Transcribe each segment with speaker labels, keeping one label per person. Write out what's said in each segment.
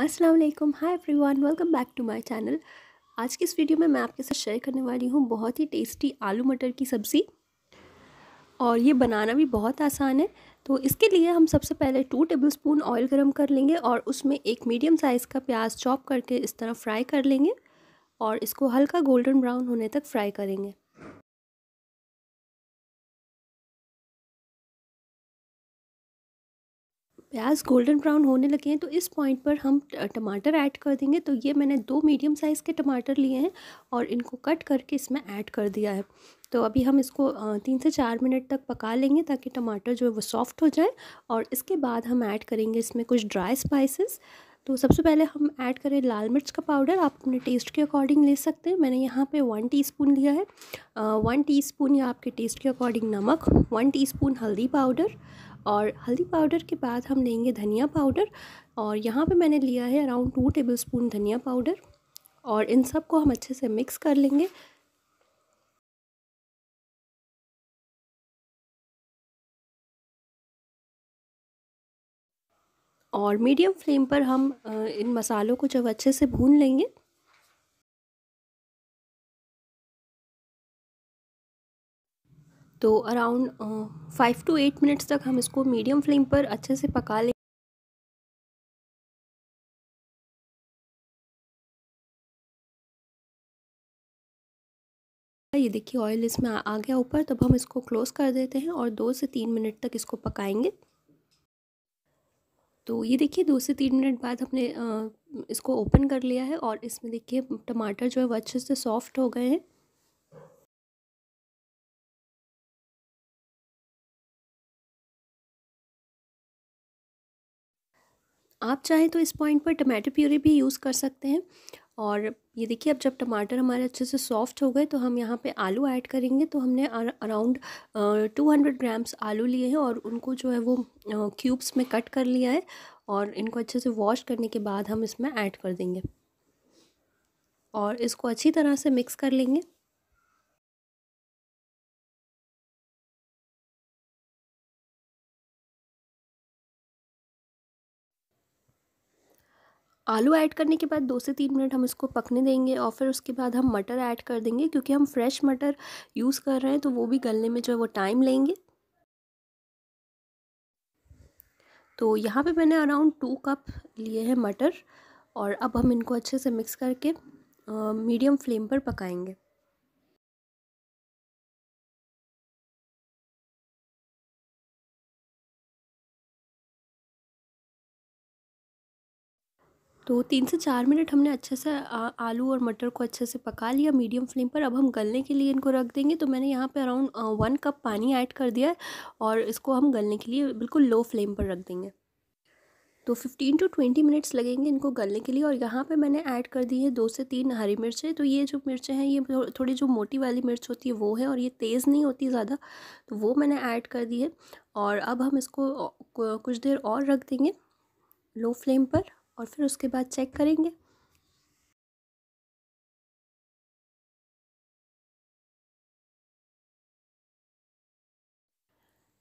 Speaker 1: अस्सलाम वालेकुम hi everyone welcome back to my channel आज की इस वीडियो में मैं आपके साथ शेयर करने वाली हूँ बहुत ही टेस्टी आलू मटर की सब्ज़ी और ये बनाना भी बहुत आसान है तो इसके लिए हम सबसे पहले टू टेबलस्पून ऑयल गरम कर लेंगे और उसमें एक मीडियम साइज़ का प्याज चॉप करके इस तरह फ्राई कर लेंगे और इसको हल्का गोल्डन ब्राउन होने तक फ्राई करेंगे प्याज गोल्डन ब्राउन होने लगे हैं तो इस पॉइंट पर हम टमाटर ऐड कर देंगे तो ये मैंने दो मीडियम साइज़ के टमाटर लिए हैं और इनको कट करके इसमें ऐड कर दिया है तो अभी हम इसको तीन से चार मिनट तक पका लेंगे ताकि टमाटर जो है वो सॉफ्ट हो जाए और इसके बाद हम ऐड करेंगे इसमें कुछ ड्राई स्पाइसेस तो सबसे पहले हम ऐड करें लाल मिर्च का पाउडर आप अपने टेस्ट के अकॉर्डिंग ले सकते हैं मैंने यहाँ पे वन टीस्पून लिया है वन टीस्पून या आपके टेस्ट के अकॉर्डिंग नमक वन टीस्पून हल्दी पाउडर और हल्दी पाउडर के बाद हम लेंगे धनिया पाउडर और यहाँ पे मैंने लिया है अराउंड टू टेबलस्पून धनिया पाउडर और इन सब को हम अच्छे से मिक्स कर लेंगे
Speaker 2: और मीडियम फ्लेम पर हम इन मसालों को जब अच्छे से भून लेंगे तो around five to eight minutes तक हम इसको मीडियम फ्लेम पर अच्छे से पका लें
Speaker 1: ये देखिए ऑयल इसमें आ गया ऊपर तब हम इसको क्लोज़ कर देते हैं और दो से तीन मिनट तक इसको पकाएंगे तो ये देखिए दो से तीन मिनट बाद हमने इसको ओपन कर लिया है और इसमें देखिए टमाटर जो है वो अच्छे से सॉफ्ट हो गए हैं आप चाहें तो इस पॉइंट पर टमाटर प्यूरी भी यूज़ कर सकते हैं और ये देखिए अब जब टमाटर हमारे अच्छे से सॉफ्ट हो गए तो हम यहाँ पे आलू ऐड करेंगे तो हमने अराउंड टू हंड्रेड ग्राम्स आलू लिए हैं और उनको जो है वो क्यूब्स में कट कर लिया है और इनको अच्छे से वॉश करने के बाद हम इसमें ऐड कर देंगे और इसको अच्छी तरह से मिक्स कर लेंगे आलू ऐड करने के बाद दो से तीन मिनट हम इसको पकने देंगे और फिर उसके बाद हम मटर ऐड कर देंगे क्योंकि हम फ्रेश मटर यूज़ कर रहे हैं तो वो भी गलने में जो है वो टाइम लेंगे तो यहाँ पे मैंने अराउंड टू कप लिए हैं मटर और अब हम इनको अच्छे से मिक्स करके मीडियम फ्लेम पर पकाएंगे तो तीन से चार मिनट हमने अच्छे से आलू और मटर को अच्छे से पका लिया मीडियम फ्लेम पर अब हम गलने के लिए इनको रख देंगे तो मैंने यहाँ पे अराउंड वन कप पानी ऐड कर दिया है और इसको हम गलने के लिए बिल्कुल लो फ्लेम पर रख देंगे तो फिफ्टीन टू ट्वेंटी मिनट्स लगेंगे इनको गलने के लिए और यहाँ पे मैंने ऐड कर दी है दो से तीन हरी मिर्चें तो ये जो मिर्चें हैं ये थोड़ी जो मोटी वाली मिर्च होती है वो है और ये तेज़ नहीं होती ज़्यादा तो वो मैंने ऐड कर दी है और अब हम इसको कुछ देर और रख देंगे लो फ्लेम पर और फिर उसके बाद चेक करेंगे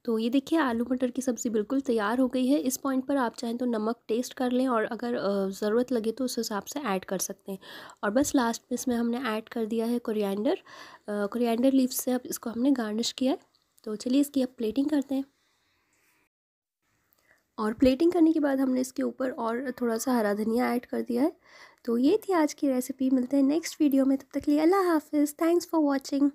Speaker 1: तो ये देखिए आलू मटर की सब्ज़ी बिल्कुल तैयार हो गई है इस पॉइंट पर आप चाहें तो नमक टेस्ट कर लें और अगर ज़रूरत लगे तो उस हिसाब से ऐड कर सकते हैं और बस लास्ट में इसमें हमने ऐड कर दिया है कोरिएंडर कोरिएंडर लीव्स से अब इसको हमने गार्निश किया है तो चलिए इसकी अब प्लेटिंग करते हैं और प्लेटिंग करने के बाद हमने इसके ऊपर और थोड़ा सा हरा धनिया ऐड कर दिया है तो ये थी आज की रेसिपी मिलते हैं नेक्स्ट वीडियो में तब तक लिए अल्लाह हाफिज़ थैंक्स फॉर वॉचिंग